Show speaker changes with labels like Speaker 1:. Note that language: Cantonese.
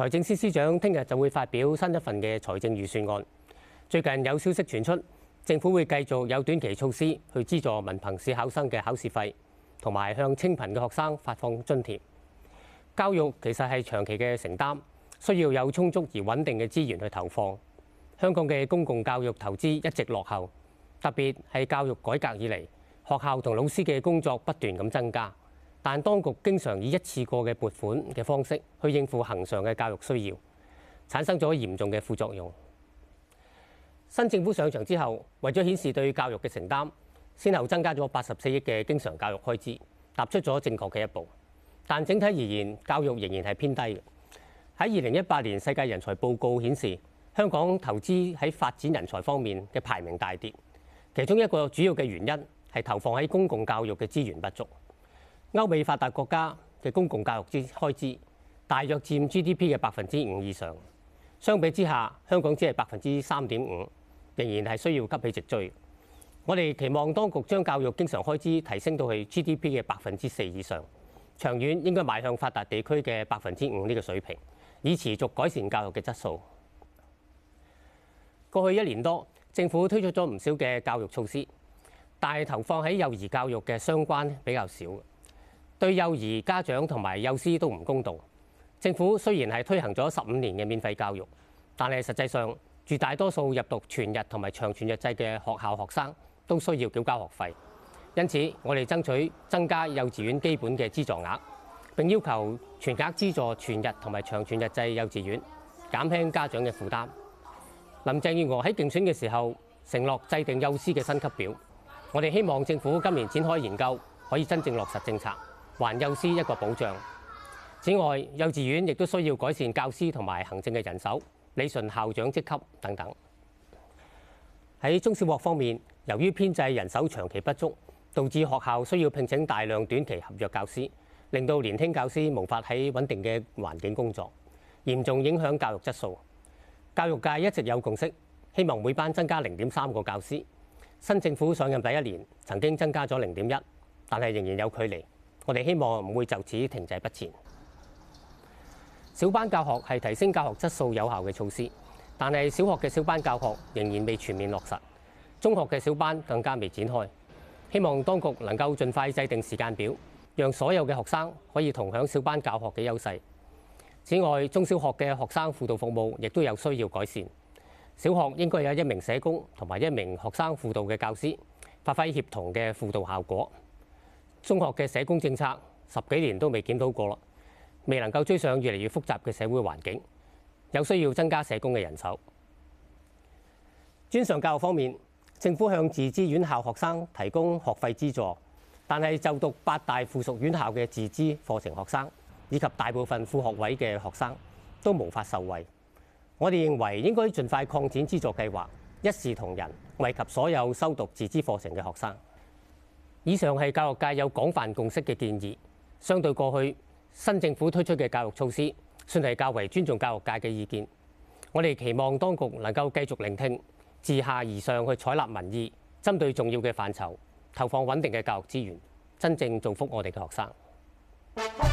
Speaker 1: 財政司司長聽日就會發表新一份嘅財政預算案。最近有消息傳出，政府會繼續有短期措施去資助文憑試考生嘅考試費，同埋向清貧嘅學生發放津貼。教育其實係長期嘅承擔，需要有充足而穩定嘅資源去投放。香港嘅公共教育投資一直落後，特別係教育改革以來，學校同老師嘅工作不斷咁增加。但當局經常以一次過嘅撥款嘅方式去應付恆常嘅教育需要，產生咗嚴重嘅副作用。新政府上場之後，為咗顯示對教育嘅承擔，先後增加咗八十四億嘅經常教育開支，踏出咗正確嘅一步。但整體而言，教育仍然係偏低嘅。喺二零一八年世界人才報告顯示，香港投資喺發展人才方面嘅排名大跌，其中一個主要嘅原因係投放喺公共教育嘅資源不足。歐美發達國家嘅公共教育支開支大約佔 GDP 嘅百分之五以上，相比之下，香港只係百分之三點五，仍然係需要急起直追。我哋期望當局將教育經常開支提升到去 GDP 嘅百分之四以上，長遠應該邁向發達地區嘅百分之五呢個水平，以持續改善教育嘅質素。過去一年多，政府推出咗唔少嘅教育措施，但係投放喺幼兒教育嘅相關比較少。對幼兒家長同埋幼師都唔公道。政府雖然係推行咗十五年嘅免費教育但是，但係實際上絕大多數入讀全日同埋長全日制嘅學校學生都需要繳交學費。因此，我哋爭取增加幼稚園基本嘅資助額，並要求全額資助全日同埋長全日制幼稚園，減輕家長嘅負擔。林鄭月娥喺競選嘅時候承諾制定幼師嘅薪級表，我哋希望政府今年展開研究，可以真正落實政策。還幼師一個保障。此外，幼稚園亦都需要改善教師同埋行政嘅人手、理順校長職級等等。喺中小學方面，由於編制人手長期不足，導致學校需要聘請大量短期合約教師，令到年輕教師無法喺穩定嘅環境工作，嚴重影響教育質素。教育界一直有共識，希望每班增加零點三個教師。新政府上任第一年曾經增加咗零點一，但係仍然有距離。我哋希望唔會就此停滯不前。小班教學係提升教學質素有效嘅措施，但係小學嘅小班教學仍然未全面落實，中學嘅小班更加未展開，希望當局能夠盡快制定時間表，讓所有嘅學生可以同享小班教學嘅優勢。此外，中小學嘅學生輔導服務亦都有需要改善。小學應該有一名社工同埋一名學生輔導嘅教師，發揮協同嘅輔導效果。中學嘅社工政策十幾年都未檢討過啦，未能夠追上越嚟越複雜嘅社會環境，有需要增加社工嘅人手。專上教育方面，政府向自資院校學生提供學費資助，但係就讀八大附屬院校嘅自資課程學生以及大部分副學位嘅學生都無法受惠。我哋認為應該盡快擴展資助計劃，一視同仁，惠及所有修讀自資課程嘅學生。以上係教育界有廣泛共識嘅建議，相對過去新政府推出嘅教育措施，算係較為尊重教育界嘅意見。我哋期望當局能夠繼續聆聽，自下而上去採納民意，針對重要嘅範疇投放穩定嘅教育資源，真正造福我哋嘅學生。